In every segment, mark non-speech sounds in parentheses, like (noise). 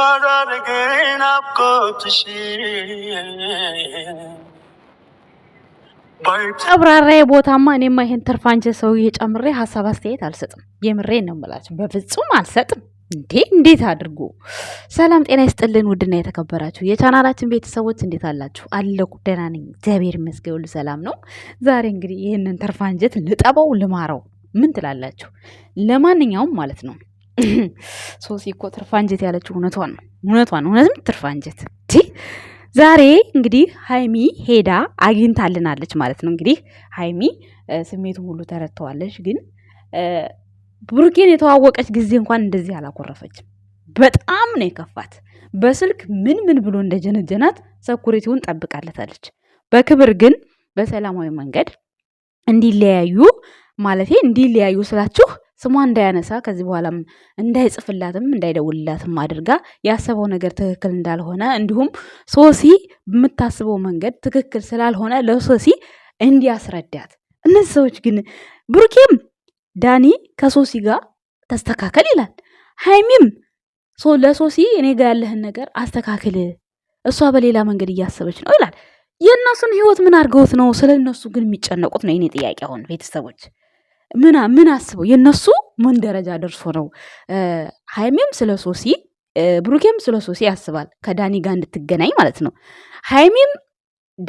አብራራ ቦታማ እኔማ ይሄን ትርፋንጀ ሰውዬ ጨምሬ ሀሳብ አስተያየት አልሰጥም። የምሬ ነው የምላቸው፣ በፍጹም አልሰጥም። እንዴ እንዴት አድርጎ ሰላም ጤና ይስጥልን። ውድና የተከበራችሁ የቻናላችን ቤተሰቦች እንዴት አላችሁ? አለሁ ደህና ነኝ፣ እግዚአብሔር ይመስገን፣ ሁሉ ሰላም ነው። ዛሬ እንግዲህ ይህንን ተርፋንጀት ልጠበው፣ ልማረው፣ ምን ትላላችሁ? ለማንኛውም ማለት ነው (clears throat) ሶሲ እኮ ትርፋ እንጀት ያለችው እውነቷን ነው። እውነቷን እውነትም ትርፋ እንጀት ዛሬ እንግዲህ ሀይሚ ሄዳ አግኝታልናለች ማለት ነው። እንግዲህ ሀይሚ ስሜቱን ሁሉ ተረድተዋለች። ግን ብሩኬን የተዋወቀች ጊዜ እንኳን እንደዚህ አላኮረፈችም። በጣም ነው የከፋት። በስልክ ምን ምን ብሎ እንደጀነጀናት ሰኩሪቲውን ጠብቃለታለች። በክብር ግን በሰላማዊ መንገድ እንዲለያዩ ማለት እንዲለያዩ ስላችሁ ስሟ እንዳያነሳ ከዚህ በኋላም እንዳይጽፍላትም እንዳይደውልላትም አድርጋ ያሰበው ነገር ትክክል እንዳልሆነ እንዲሁም ሶሲ የምታስበው መንገድ ትክክል ስላልሆነ ለሶሲ እንዲያስረዳት። እነዚህ ሰዎች ግን ብሩኬም ዳኒ ከሶሲ ጋር ተስተካከል ይላል። ሀይሚም ለሶሲ እኔ ጋ ያለህን ነገር አስተካክል፣ እሷ በሌላ መንገድ እያሰበች ነው ይላል። የእነሱን ህይወት ምን አድርገውት ነው ስለ እነሱ ግን የሚጨነቁት ነው የኔ ጥያቄ። አሁን ቤተሰቦች ምን አስበው የነሱ ምን ደረጃ ደርሶ ነው? ሀይሜም ስለ ሶሲ ብሩኬም ስለ ሶሲ ያስባል። ከዳኒ ጋር እንድትገናኝ ማለት ነው። ሀይሜም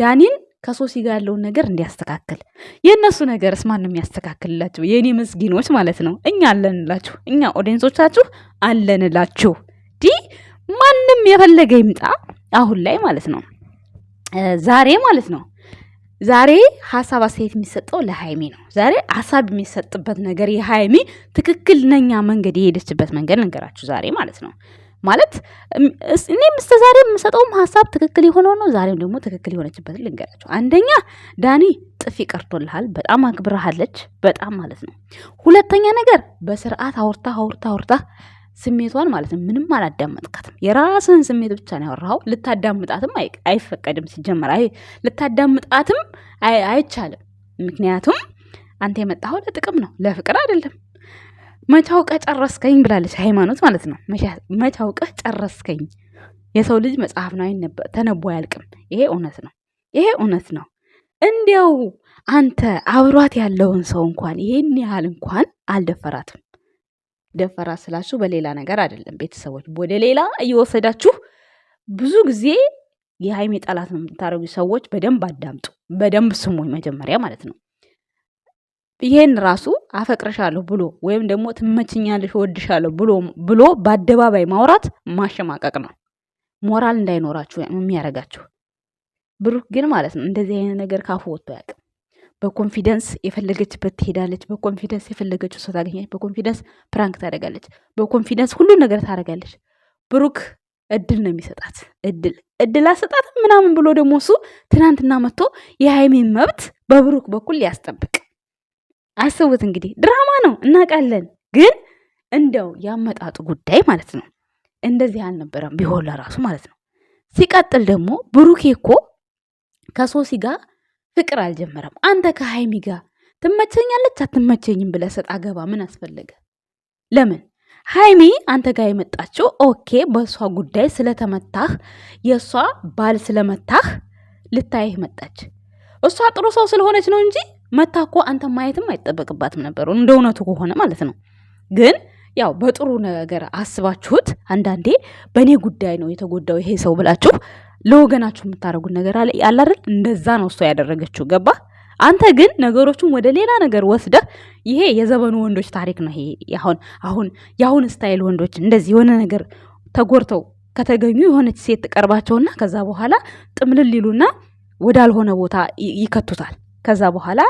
ዳኒን ከሶሲ ጋር ያለውን ነገር እንዲያስተካክል። የእነሱ ነገርስ ማን ነው የሚያስተካክልላቸው? የእኔ ምስጊኖች ማለት ነው። እኛ አለንላችሁ፣ እኛ ኦዲየንሶቻችሁ አለንላችሁ። ዲ ማንም የፈለገ ይምጣ አሁን ላይ ማለት ነው፣ ዛሬ ማለት ነው ዛሬ ሀሳብ አስተያየት የሚሰጠው ለሀይሚ ነው። ዛሬ ሀሳብ የሚሰጥበት ነገር የሀይሚ ትክክለኛ መንገድ የሄደችበት መንገድ ነገራችሁ ዛሬ ማለት ነው። ማለት እኔም እስከ ዛሬ የምሰጠውም ሀሳብ ትክክል የሆነው ነው። ዛሬም ደግሞ ትክክል የሆነችበት ልንገራቸው። አንደኛ ዳኒ ጥፊ ቀርቶልሃል። በጣም አክብረሃለች፣ በጣም ማለት ነው። ሁለተኛ ነገር በስርዓት አውርታ አውርታ አውርታ ስሜቷን ማለት ነው። ምንም አላዳመጥካትም። የራስህን ስሜት ብቻ ነው ያወራኸው። ልታዳምጣትም አይፈቀድም። ሲጀመር ልታዳምጣትም አይቻልም። ምክንያቱም አንተ የመጣኸው ለጥቅም ነው፣ ለፍቅር አይደለም። መቼ ጨረስከኝ ብላለች ሃይማኖት ማለት ነው። መቻውቀ ጨረስከኝ። የሰው ልጅ መጽሐፍ ነው አይነበ ተነቦ አያልቅም። ይሄ እውነት ነው። ይሄ እውነት ነው። እንዲያው አንተ አብሯት ያለውን ሰው እንኳን ይሄን ያህል እንኳን አልደፈራትም። ደፈራ ስላችሁ በሌላ ነገር አይደለም። ቤተሰቦች ወደ ሌላ እየወሰዳችሁ ብዙ ጊዜ የሀይሜ ጠላት ነው የምታደርጉ ሰዎች በደንብ አዳምጡ፣ በደንብ ስሙኝ መጀመሪያ ማለት ነው። ይሄን ራሱ አፈቅረሻለሁ ብሎ ወይም ደግሞ ትመችኛለሽ፣ እወድሻለሁ ብሎ በአደባባይ ማውራት ማሸማቀቅ ነው። ሞራል እንዳይኖራችሁ የሚያደርጋችሁ ብሩክ ግን ማለት ነው እንደዚህ አይነት ነገር ካፉ ወጥቶ አያውቅም። በኮንፊደንስ የፈለገችበት ትሄዳለች። በኮንፊደንስ የፈለገችው ሰው ታገኛለች። በኮንፊደንስ ፕራንክ ታደርጋለች። በኮንፊደንስ ሁሉን ነገር ታደርጋለች። ብሩክ እድል ነው የሚሰጣት። እድል እድል አሰጣት ምናምን ብሎ ደግሞ እሱ ትናንትና መጥቶ የሃይሜን መብት በብሩክ በኩል ሊያስጠብቅ አስቡት። እንግዲህ ድራማ ነው እናውቃለን፣ ግን እንደው ያመጣጡ ጉዳይ ማለት ነው እንደዚህ አልነበረም ቢሆን ለራሱ ማለት ነው። ሲቀጥል ደግሞ ብሩኬ እኮ ከሶሲ ጋር ፍቅር አልጀመረም። አንተ ከሀይሚ ጋር ትመቸኛለች አትመቸኝም ብለህ ሰጥ አገባ ምን አስፈለገ? ለምን ሀይሚ አንተ ጋር የመጣችው ኦኬ፣ በእሷ ጉዳይ ስለተመታህ የእሷ ባል ስለመታህ ልታይህ መጣች። እሷ ጥሩ ሰው ስለሆነች ነው እንጂ መታ እኮ አንተ ማየትም አይጠበቅባትም ነበሩ እንደ እውነቱ ከሆነ ማለት ነው። ግን ያው በጥሩ ነገር አስባችሁት አንዳንዴ በእኔ ጉዳይ ነው የተጎዳው ይሄ ሰው ብላችሁ ለወገናችሁ የምታደርጉት ነገር አለ አይደል? እንደዛ ነው እሷ ያደረገችው። ገባ? አንተ ግን ነገሮቹን ወደ ሌላ ነገር ወስደህ ይሄ የዘመኑ ወንዶች ታሪክ ነው። ይሄ አሁን አሁን የአሁን ስታይል ወንዶች እንደዚህ የሆነ ነገር ተጎድተው ከተገኙ የሆነች ሴት ትቀርባቸውና ከዛ በኋላ ጥምልል ሊሉና ወዳልሆነ ቦታ ይከቱታል። ከዛ በኋላ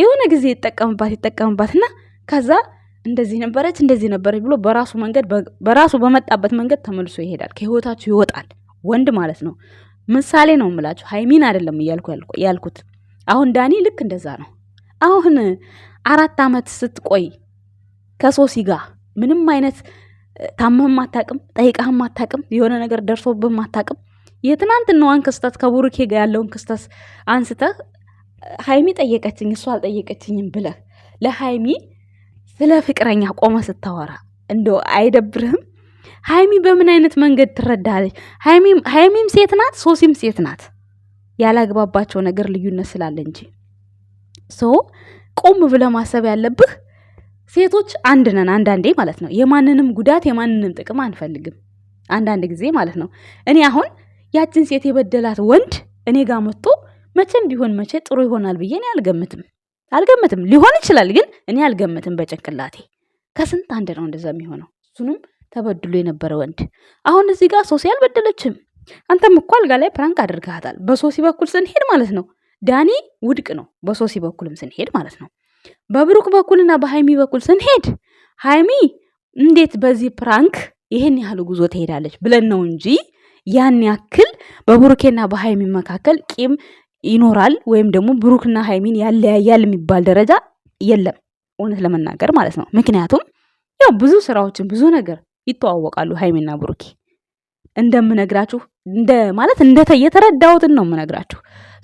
የሆነ ጊዜ ይጠቀምባት ይጠቀምባትና ከዛ እንደዚህ ነበረች እንደዚህ ነበረች ብሎ በራሱ መንገድ በራሱ በመጣበት መንገድ ተመልሶ ይሄዳል። ከህይወታችሁ ይወጣል። ወንድ ማለት ነው። ምሳሌ ነው የምላችሁ፣ ሀይሚን አይደለም እያልኩ ያልኩት። አሁን ዳኒ ልክ እንደዛ ነው። አሁን አራት ዓመት ስትቆይ ከሶሲ ጋር ምንም አይነት ታመህም አታቅም፣ ጠይቃህም አታቅም፣ የሆነ ነገር ደርሶብህም አታቅም። የትናንትናዋን ክስተት ከቡሩኬ ጋር ያለውን ክስተት አንስተህ ሀይሚ ጠየቀችኝ እሱ አልጠየቀችኝም ብለህ ለሀይሚ ስለ ፍቅረኛ ቆመ ስታወራ እንደ አይደብርህም? ሀይሚ በምን አይነት መንገድ ትረዳለች? ሀይሚም ሴት ናት፣ ሶሲም ሴት ናት። ያላግባባቸው ነገር ልዩነት ስላለ እንጂ ሶ ቆም ብለህ ማሰብ ያለብህ ሴቶች አንድ ነን። አንዳንዴ ማለት ነው የማንንም ጉዳት የማንንም ጥቅም አንፈልግም። አንዳንድ ጊዜ ማለት ነው እኔ አሁን ያችን ሴት የበደላት ወንድ እኔ ጋር መጥቶ መቼም ቢሆን መቼ ጥሩ ይሆናል ብዬ እኔ አልገምትም አልገምትም። ሊሆን ይችላል ግን እኔ አልገምትም በጭንቅላቴ። ከስንት አንድ ነው እንደዛ የሚሆነው እሱንም ተበድሎ የነበረ ወንድ። አሁን እዚህ ጋር ሶሲ አልበደለችም። አንተም እኮ አልጋ ላይ ፕራንክ አድርገሃታል። በሶሲ በኩል ስንሄድ ማለት ነው ዳኒ ውድቅ ነው። በሶሲ በኩልም ስንሄድ ማለት ነው። በብሩክ በኩልና በሃይሚ በኩል ስንሄድ ሃይሚ እንዴት በዚህ ፕራንክ ይህን ያህል ጉዞ ትሄዳለች ብለን ነው እንጂ ያን ያክል በብሩኬና በሃይሚ መካከል ቂም ይኖራል ወይም ደግሞ ብሩክና ሃይሚን ያለያያል የሚባል ደረጃ የለም፣ እውነት ለመናገር ማለት ነው። ምክንያቱም ያው ብዙ ስራዎችን ብዙ ነገር ይተዋወቃሉ ሀይሚና ብሩኬ እንደምነግራችሁ እንደ ማለት እንደተ የተረዳሁትን ነው የምነግራችሁ።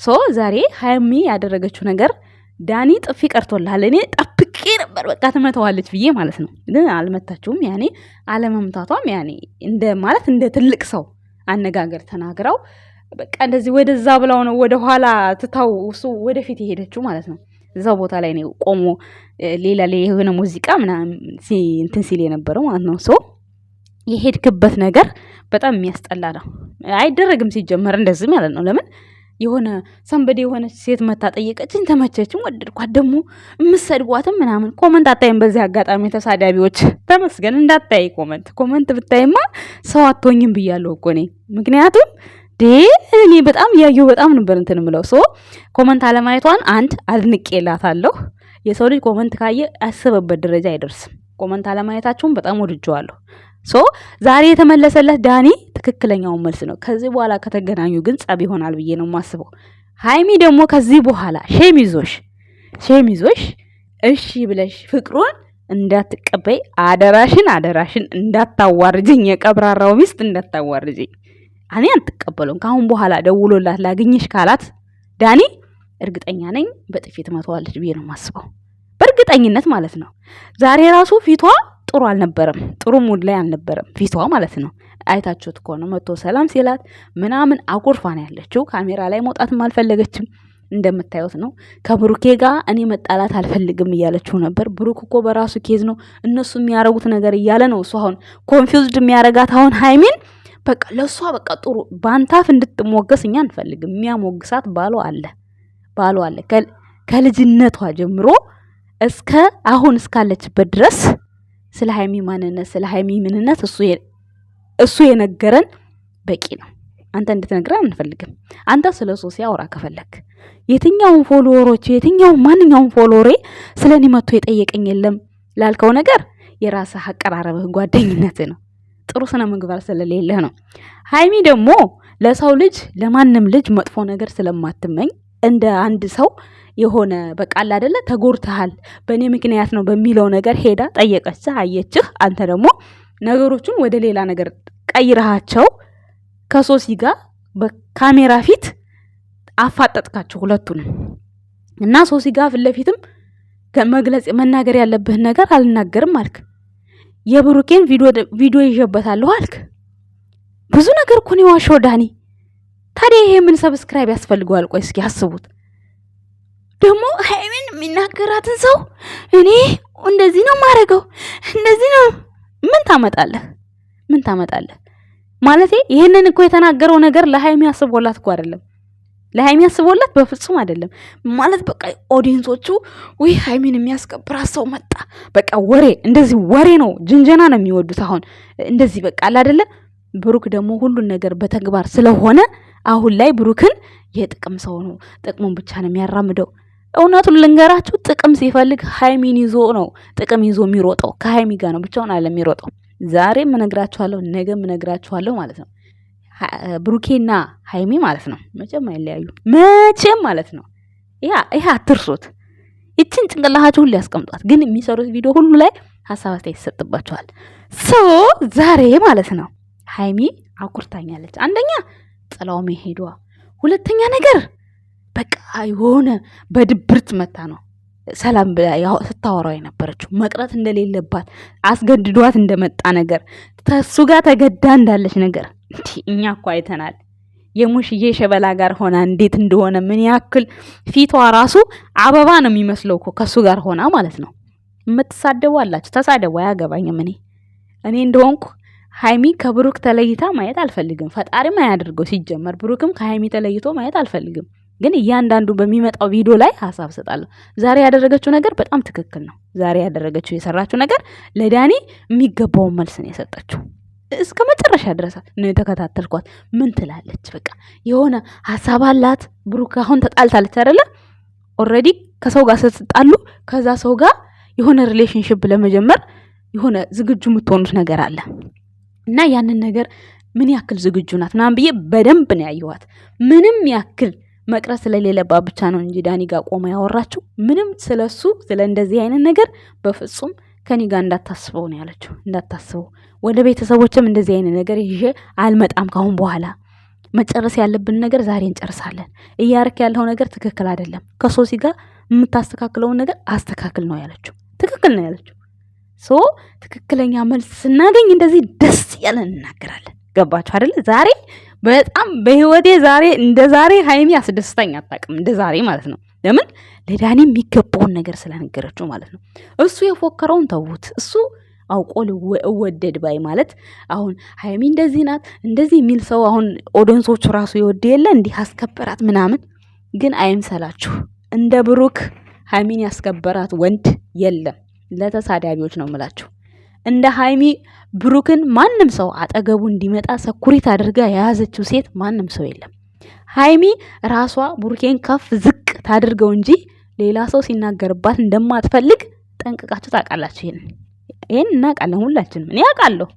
ሶ ዛሬ ሀይሚ ያደረገችው ነገር ዳኒ ጥፊ ቀርቶልሃል። እኔ ጠብቄ ነበር በቃ ትመተዋለች ብዬ ማለት ነው፣ ግን አልመታችሁም። ያኔ አለመምታቷም ያኔ እንደ ማለት እንደ ትልቅ ሰው አነጋገር ተናግረው በቃ እንደዚህ ወደዛ ብለው ነው ወደኋላ ትታው እሱ ወደፊት የሄደችው ማለት ነው። እዛው ቦታ ላይ ቆሞ ሌላ የሆነ ሙዚቃ ምናምን እንትን ሲል የነበረው ማለት ነው ሶ የሄድክበት ነገር በጣም የሚያስጠላ ነው። አይደረግም ሲጀመር እንደዚህ ማለት ነው። ለምን የሆነ ሰንበዴ የሆነች ሴት መታ ጠየቀችኝ፣ ተመቸችም፣ ወደድኳት ደግሞ የምሰድቧትም ምናምን ኮመንት አታይም። በዚህ አጋጣሚ ተሳዳቢዎች ተመስገን እንዳታይ ኮመንት ኮመንት ብታይማ ሰው አትሆኝም ብያለሁ እኮ እኔ ምክንያቱም እኔ በጣም እያየሁ በጣም ነበር እንትን ምለው ሶ ኮመንት አለማየቷን አንድ አድንቄላታለሁ። የሰው ልጅ ኮመንት ካየ አስበበት ደረጃ አይደርስም። ኮመንት አለማየታችሁን በጣም ወድጀዋለሁ። ሶ ዛሬ የተመለሰለት ዳኒ ትክክለኛውን መልስ ነው። ከዚህ በኋላ ከተገናኙ ግን ጸብ ይሆናል ብዬ ነው የማስበው። ሀይሚ ደግሞ ከዚህ በኋላ ሼም ይዞሽ ሼም ይዞሽ እሺ ብለሽ ፍቅሩን እንዳትቀበይ አደራሽን አደራሽን እንዳታዋርጅኝ፣ የቀብራራው ሚስት እንዳታዋርጅኝ። እኔ አልተቀበለውም። ከአሁን በኋላ ደውሎላት ላግኝሽ ካላት ዳኒ እርግጠኛ ነኝ በጥፊት መተዋለች ብዬ ነው የማስበው። በእርግጠኝነት ማለት ነው። ዛሬ ራሱ ፊቷ ጥሩ አልነበረም። ጥሩ ሙድ ላይ አልነበረም ፊቷ ማለት ነው። አይታችሁት ከሆነ መቶ ሰላም ሲላት ምናምን አኩርፋ ነው ያለችው። ካሜራ ላይ መውጣትም አልፈለገችም። እንደምታዩት ነው። ከብሩኬ ጋር እኔ መጣላት አልፈልግም እያለችው ነበር። ብሩክ እኮ በራሱ ኬዝ ነው እነሱ የሚያረጉት ነገር እያለ ነው እሱ አሁን ኮንፊውዝድ የሚያረጋት አሁን ሀይሚን በቃ ለእሷ በቃ ጥሩ ባንታፍ እንድትሞገስ እኛ አንፈልግም። የሚያሞግሳት ባሉ አለ ባሉ አለ ከልጅነቷ ጀምሮ እስከ አሁን እስካለችበት ድረስ ስለ ሀይሚ ማንነት ስለ ሀይሚ ምንነት እሱ የነገረን በቂ ነው። አንተ እንድትነግረን አንፈልግም። አንተ ስለ ሶሲ አውራ ከፈለክ የትኛውን ፎሎወሮች የትኛውን ማንኛውም ፎሎወሬ ስለ እኔ መጥቶ የጠየቀኝ የለም ላልከው ነገር የራስህ አቀራረብህ ጓደኝነት ነው። ጥሩ ስነ ምግባር ስለሌለህ ነው። ሀይሚ ደግሞ ለሰው ልጅ ለማንም ልጅ መጥፎ ነገር ስለማትመኝ እንደ አንድ ሰው የሆነ በቃል አደለ ተጎድተሃል፣ በእኔ ምክንያት ነው በሚለው ነገር ሄዳ ጠየቀች አየችህ። አንተ ደግሞ ነገሮቹን ወደ ሌላ ነገር ቀይረሃቸው ከሶሲ ጋር በካሜራ ፊት አፋጠጥካቸው ሁለቱንም እና ሶሲ ጋር ፊት ለፊትም መግለጽ መናገር ያለብህን ነገር አልናገርም አልክ። የብሩኬን ቪዲዮ ይዤበታለሁ አልክ። ብዙ ነገር እኮ ነው የዋሸው ዳኒ። ታዲያ ይሄ ምን ሰብስክራይብ ያስፈልገዋል? ቆይ እስኪ አስቡት። ደግሞ ሀይሚን የሚናገራትን ሰው እኔ እንደዚህ ነው ማረገው፣ እንደዚህ ነው። ምን ታመጣለህ? ምን ታመጣለህ? ማለቴ ይህንን እኮ የተናገረው ነገር ለሀይሚ አስቦላት እኮ አይደለም። ለሀይሚ አስቦላት በፍጹም አይደለም። ማለት በቃ ኦዲየንሶቹ ወይ ሀይሚን የሚያስከብራት ሰው መጣ፣ በቃ ወሬ፣ እንደዚህ ወሬ ነው፣ ጅንጀና ነው የሚወዱት። አሁን እንደዚህ በቃ አለ አይደለም። ብሩክ ደግሞ ሁሉን ነገር በተግባር ስለሆነ አሁን ላይ ብሩክን የጥቅም ሰው ነው፣ ጥቅሙን ብቻ ነው የሚያራምደው። እውነቱን ልንገራችሁ ጥቅም ሲፈልግ ሀይሚን ይዞ ነው ጥቅም ይዞ የሚሮጠው። ከሀይሚ ጋር ነው ብቻውን አለ የሚሮጠው። ዛሬ እነግራችኋለሁ፣ ነገ እነግራችኋለሁ ማለት ነው። ብሩኬና ሀይሚ ማለት ነው መቼም አይለያዩ፣ መቼም ማለት ነው። ይህ አትርሱት። ይችን ጭንቅላታችሁ ሁሉ ያስቀምጧት። ግን የሚሰሩት ቪዲዮ ሁሉ ላይ ሀሳብ አስተያየት ይሰጥባችኋል። ሶ ዛሬ ማለት ነው ሀይሚ አኩርታኛለች። አንደኛ ጥላው መሄዷ፣ ሁለተኛ ነገር በቃ የሆነ በድብርት መታ ነው ሰላም ብላ ስታወራው የነበረችው መቅረት እንደሌለባት አስገድዷት እንደመጣ ነገር ተሱ ጋር ተገዳ እንዳለች ነገር እኛ እኮ አይተናል። የሙሽዬ ሸበላ ጋር ሆና እንዴት እንደሆነ ምን ያክል ፊቷ ራሱ አበባ ነው የሚመስለው እኮ ከሱ ጋር ሆና ማለት ነው። የምትሳደቡ አላችሁ፣ ተሳደቡ፣ አያገባኝም። እኔ እኔ እንደሆንኩ ሀይሚ ከብሩክ ተለይታ ማየት አልፈልግም። ፈጣሪም አያድርገው። ሲጀመር ብሩክም ከሀይሚ ተለይቶ ማየት አልፈልግም። ግን እያንዳንዱ በሚመጣው ቪዲዮ ላይ ሀሳብ እሰጣለሁ። ዛሬ ያደረገችው ነገር በጣም ትክክል ነው። ዛሬ ያደረገችው የሰራችው ነገር ለዳኒ የሚገባውን መልስ ነው የሰጠችው። እስከ መጨረሻ ድረስ ነው የተከታተልኳት። ምን ትላለች? በቃ የሆነ ሀሳብ አላት። ብሩክ አሁን ተጣልታለች አይደለ? ኦልሬዲ ከሰው ጋር ስትጣሉ ከዛ ሰው ጋር የሆነ ሪሌሽንሽፕ ለመጀመር የሆነ ዝግጁ የምትሆኑት ነገር አለ እና ያንን ነገር ምን ያክል ዝግጁ ናት ምናምን ብዬ በደንብ ነው ያየኋት። ምንም ያክል መቅረት ስለሌለባት ብቻ ነው እንጂ ዳኒ ጋር ቆማ ያወራችው። ምንም ስለሱ ስለ እንደዚህ አይነት ነገር በፍጹም ከኔ ጋር እንዳታስበው ነው ያለችው። እንዳታስበው ወደ ቤተሰቦችም እንደዚህ አይነት ነገር ይዤ አልመጣም ካሁን በኋላ መጨረስ ያለብን ነገር ዛሬ እንጨርሳለን። እያረክ ያለው ነገር ትክክል አይደለም። ከሶሲ ጋር የምታስተካክለውን ነገር አስተካክል ነው ያለችው። ትክክል ነው ያለችው። ሶ ትክክለኛ መልስ ስናገኝ እንደዚህ ደስ ያለን እናገራለን። ገባችሁ አደለ? ዛሬ በጣም በህይወቴ ዛሬ እንደ ዛሬ ሀይሚ አስደስታኝ አታውቅም። እንደ ዛሬ ማለት ነው። ለምን ለዳኒ የሚገባውን ነገር ስለነገረችው ማለት ነው። እሱ የፎከረውን ተዉት። እሱ አውቆ እወደድ ባይ ማለት አሁን ሀይሚ እንደዚህ ናት እንደዚህ የሚል ሰው አሁን ኦዶንሶቹ ራሱ የወደ የለ እንዲህ አስከበራት ምናምን፣ ግን አይምሰላችሁ እንደ ብሩክ ሀይሚን ያስከበራት ወንድ የለም። ለተሳዳቢዎች ነው ምላችሁ። እንደ ሀይሚ ብሩክን ማንም ሰው አጠገቡ እንዲመጣ ሰኩሪት አድርጋ የያዘችው ሴት ማንም ሰው የለም። ሀይሚ ራሷ ብሩኬን ከፍ ዝቅ ታድርገው እንጂ ሌላ ሰው ሲናገርባት እንደማትፈልግ ጠንቅቃችሁ ታውቃላችሁ። ይሄን ይህን እናውቃለን ሁላችንም፣ እኔ አውቃለሁ።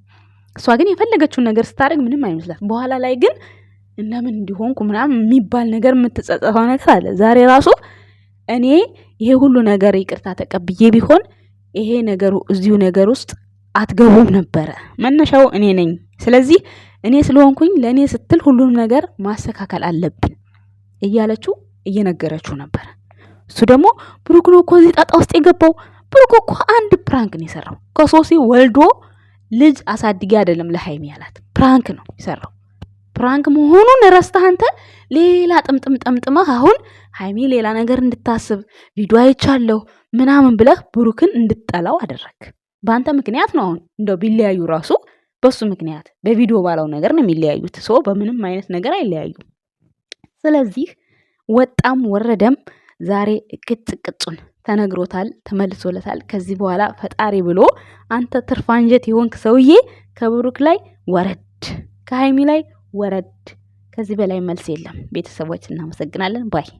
እሷ ግን የፈለገችውን ነገር ስታደርግ ምንም አይመስላት። በኋላ ላይ ግን እንደምን እንዲሆንኩ ምናምን የሚባል ነገር የምትጸጸተው ነገር አለ። ዛሬ ራሱ እኔ ይሄ ሁሉ ነገር ይቅርታ ተቀብዬ ቢሆን ይሄ ነገሩ እዚሁ ነገር ውስጥ አትገቡም ነበረ። መነሻው እኔ ነኝ። ስለዚህ እኔ ስለሆንኩኝ ለእኔ ስትል ሁሉንም ነገር ማስተካከል አለብን እያለችው እየነገረችው ነበረ። እሱ ደግሞ ብሩክ ነው እኮ እዚህ ጣጣ ውስጥ የገባው። ብሩክ እኮ አንድ ፕራንክ ነው የሰራው። ከሶሲ ወልዶ ልጅ አሳድጌ አይደለም ለሀይሚ ያላት ፕራንክ ነው የሰራው። ፕራንክ መሆኑን ረስተህ አንተ ሌላ ጥምጥም ጠምጥመህ አሁን ሀይሚ ሌላ ነገር እንድታስብ ቪዲዮ አይቻለሁ ምናምን ብለህ ብሩክን እንድጠላው አደረግ። በአንተ ምክንያት ነው። አሁን እንደው ቢለያዩ ራሱ በሱ ምክንያት በቪዲዮ ባለው ነገር ነው የሚለያዩት። ሰው በምንም አይነት ነገር አይለያዩም። ስለዚህ ወጣም ወረደም ዛሬ ቅጥ ቅጡን ተነግሮታል፣ ተመልሶለታል። ከዚህ በኋላ ፈጣሪ ብሎ አንተ ትርፋንጀት የሆንክ ሰውዬ ከብሩክ ላይ ወረድ፣ ከሀይሚ ላይ ወረድ። ከዚህ በላይ መልስ የለም። ቤተሰቦች እናመሰግናለን ባይ